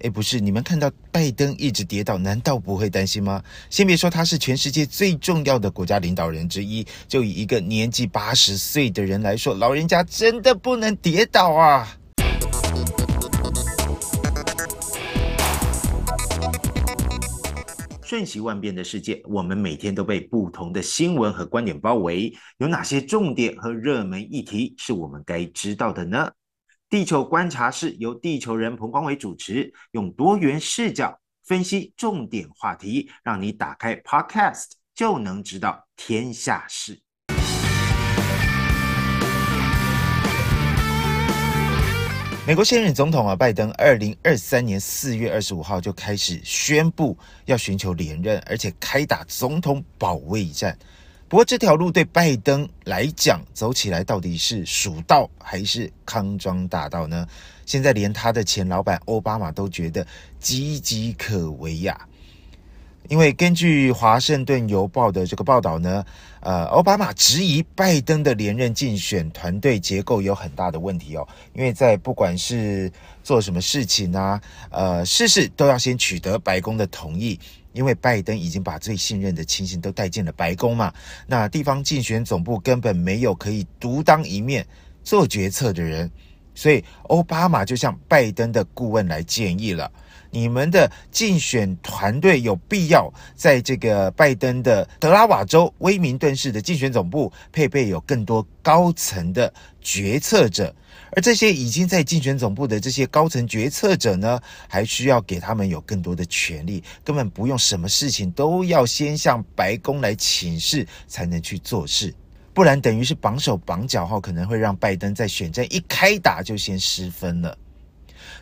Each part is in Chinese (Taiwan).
哎，不是，你們看到拜登一直跌倒，難道不會擔心嗎？先別說他是全世界最重要的國家領導人之一，就以一個年紀八十歲的人來說，老人家真的不能跌倒啊！瞬息萬變的世界，我們每天都被不同的新聞和觀點包圍，有哪些重點和熱門議題是我們該知道的呢？地球觀察室由地球人彭光偉主持，用多元視角分析重點話題，讓你打開 Podcast 就能知道天下事。美國現任總統啊，拜登，二零二三年四月二十五號就開始宣布要尋求連任，而且開打總統保位戰。不過這條路對拜登來講，走起來到底是蜀道還是康莊大道呢？現在連他的前老闆歐巴馬都覺得岌岌可危呀、啊。因為根據《華盛頓郵報》的這個報道呢，呃，奧巴馬質疑拜登的連任競選團隊結構有很大的問題哦。因為在不管是做什麼事情啊，呃，事事都要先取得白宮的同意，因為拜登已經把最信任的親信都帶進了白宮嘛。那地方競選總部根本沒有可以獨當一面做決策的人，所以奧巴馬就向拜登的顧問來建議了。你們的競選團隊有必要在這個拜登的德拉瓦州威明頓市的競選總部配備有更多高層的決策者，而這些已經在競選總部的這些高層決策者呢，還需要給他們有更多的權力。根本不用什麼事情都要先向白宮來請示才能去做事，不然等於是綁手綁腳，後可能會讓拜登在選戰一開打就先失分了。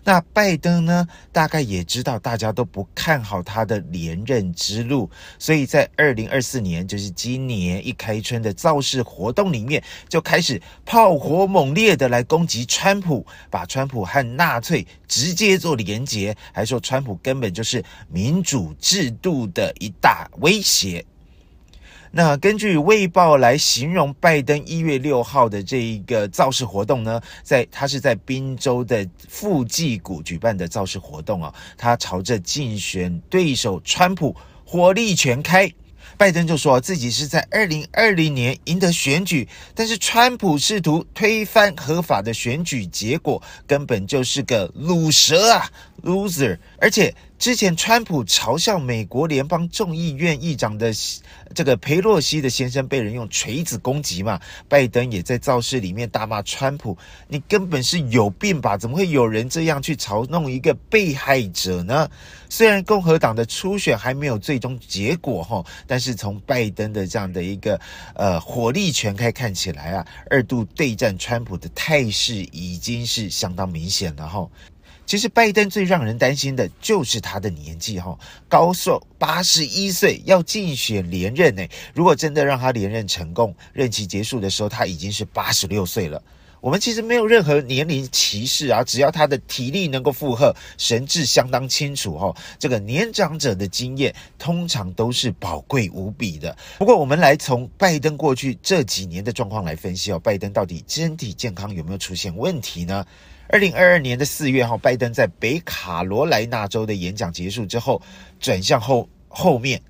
那拜登呢，大概也知道大家都不看好他的連任之路，所以在二零二四年，就是今年一開春的造勢活動裡面，就開始炮火猛烈的來攻擊川普，把川普和納粹直接做連結，還說川普根本就是民主制度的一大威脅。那根據《衛報》來形容拜登一月六號的這一個造勢活動呢，在他是在賓州的福吉谷舉辦的造勢活動啊，他朝着競選對手川普火力全開。拜登就說自己是在二零二零年贏得選舉，但是川普試圖推翻合法的選舉結果，根本就是個魯蛇啊，loser，而且。之前，川普嘲笑美國聯邦眾議院議長的這個裴洛西的先生被人用錘子攻擊嘛，拜登也在造勢裡面大罵川普：“你根本是有病吧？怎麼會有人這樣去嘲弄一個被害者呢？”雖然共和黨的初選還沒有最終結果，但是從拜登的這樣的一個呃火力全開看起來啊，二度對戰川普的態勢已經是相當明顯了吼！其實拜登最讓人擔心的就是他的年紀哈、哦，高壽八十一歲要競選連任，如果真的讓他連任成功，任期結束的時候他已經是八十六歲了。我們其實沒有任何年齡歧視啊，只要他的體力能夠負荷，神智相當清楚哈、哦。這個年長者的經驗通常都是寶貴無比的。不過我們來從拜登過去這幾年的狀況來分析哦，拜登到底身體健康有沒有出現問題呢？二零二二年的四月號，拜登在北卡羅來納州的演講結束之後，轉向後後面，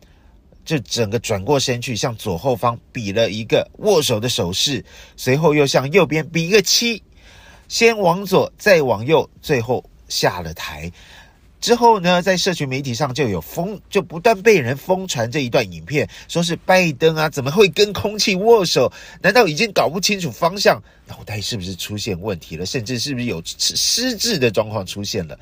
就整個轉過身去，向左後方比了一個握手的手勢，隨後又向右邊比一個七，先往左，再往右，最後下了台。之後呢，在社群媒體上就有瘋，就不斷被人瘋傳這一段影片，說是拜登啊，怎麼會跟空氣握手？難道已經搞不清楚方向，腦袋是不是出現問題了？甚至是不是有失智的狀況出現了？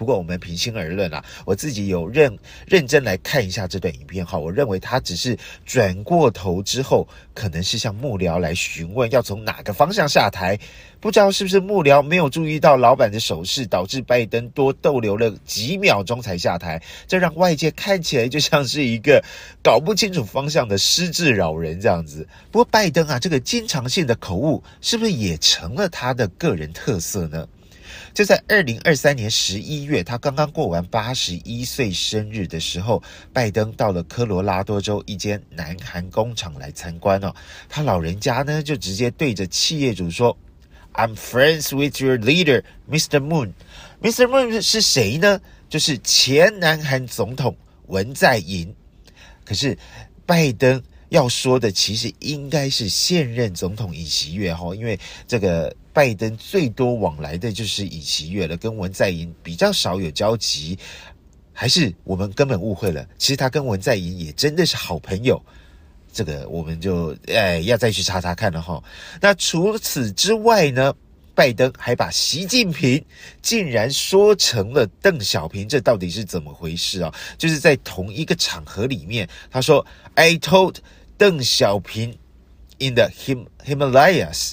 不過我們平心而論啊，我自己有認認真來看一下這段影片哈，我認為他只是轉過頭之後，可能是向幕僚來詢問要從哪個方向下台，不知道是不是幕僚沒有注意到老闆的手勢，導致拜登多逗留了幾秒鐘才下台，這讓外界看起來就像是一個搞不清楚方向的失智老人這樣子。不過拜登啊，這個經常性的口誤是不是也成了他的個人特色呢？就在二零二三年十一月，他剛剛過完八十一歲生日的時候，拜登到了科羅拉多州一間南韓工廠來參觀哦。他老人家呢，就直接對着企業主說：“I'm friends with your leader, Mr. Moon。” Mr. Moon 是誰呢？就是前南韓總統文在寅。可是拜登要說的，其實應該是現任總統尹錫悅哈，因為這個。拜登最多往來的就是尹錫悅了，跟文在寅比較少有交集，還是我們根本誤會了。其實他跟文在寅也真的是好朋友，這個我們就誒要再去查查看了哈。那除此之外呢，拜登還把習近平竟然說成了鄧小平，這到底是怎麼回事啊、哦？就是在同一個場合裡面，他說：“I told 鄧小平 in the Him- Himalayas。”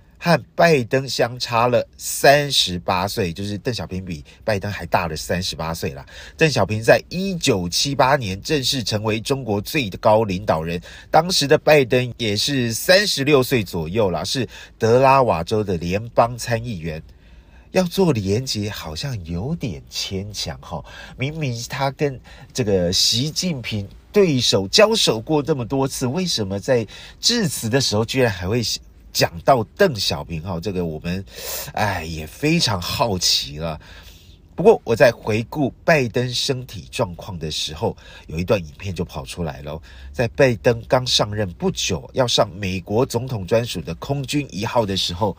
和拜登相差了三十八歲，就是鄧小平比拜登還大了三十八歲啦。鄧小平在一九七八年正式成為中國最高領導人，當時的拜登也是三十六歲左右啦，是德拉瓦州的聯邦參議員。要做連結好像有點牽強哈，明明他跟這個習近平對手交手過這麼多次，為什麼在致辭的時候居然還會？講到鄧小平哈，這個我們，哎也非常好奇了。不過我在回顧拜登身體狀況的時候，有一段影片就跑出來了。在拜登剛上任不久，要上美國總統專屬的空軍一號的時候，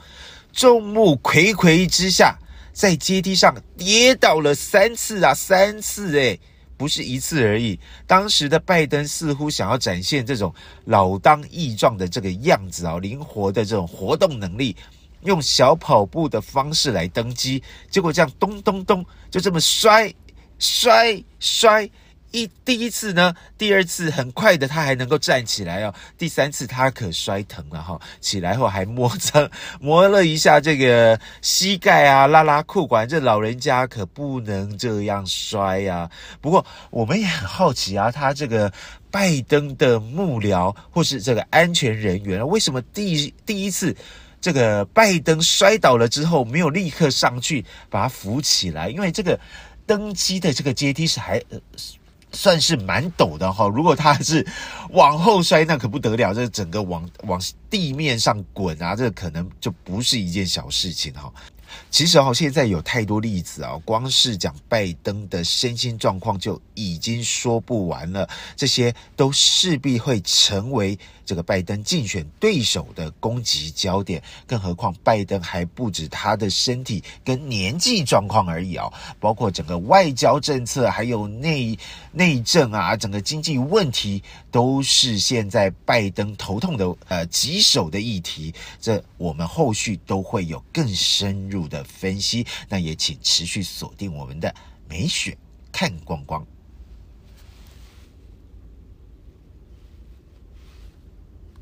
眾目睽睽之下，在階梯上跌倒了三次啊，三次誒、欸。不是一次而已，當時的拜登似乎想要展現這種老當益壯的這個樣子啊，靈活的這種活動能力，用小跑步的方式來登機，結果這樣咚咚咚，就這麼摔摔摔。摔一，第一次呢，第二次很快的，他還能夠站起來哦。第三次他可摔疼了哦，起來後還摸着，摸了一下這個膝蓋啊，拉拉褲管。這老人家可不能這樣摔啊。不過我們也很好奇啊，他這個拜登的幕僚或是這個安全人員，為什麼第第一次這個拜登摔倒了之後沒有立刻上去把他扶起來？因為這個登機的這個階梯是還。呃。算是蠻陡的哈，如果他是往後摔，那可不得了，這整個往，往地面上滾啊，這可能就不是一件小事情哈。其實哦，現在有太多例子啊、哦，光是講拜登的身心狀況就已經說不完了。這些都勢必會成為這個拜登競選對手的攻擊焦點。更何況拜登還不止他的身體跟年紀狀況而已哦，包括整個外交政策，還有內內政啊，整個經濟問題都是現在拜登頭痛的呃棘手的議題。這我們後續都會有更深入的分析，那也請持續鎖定我們的美選看光光。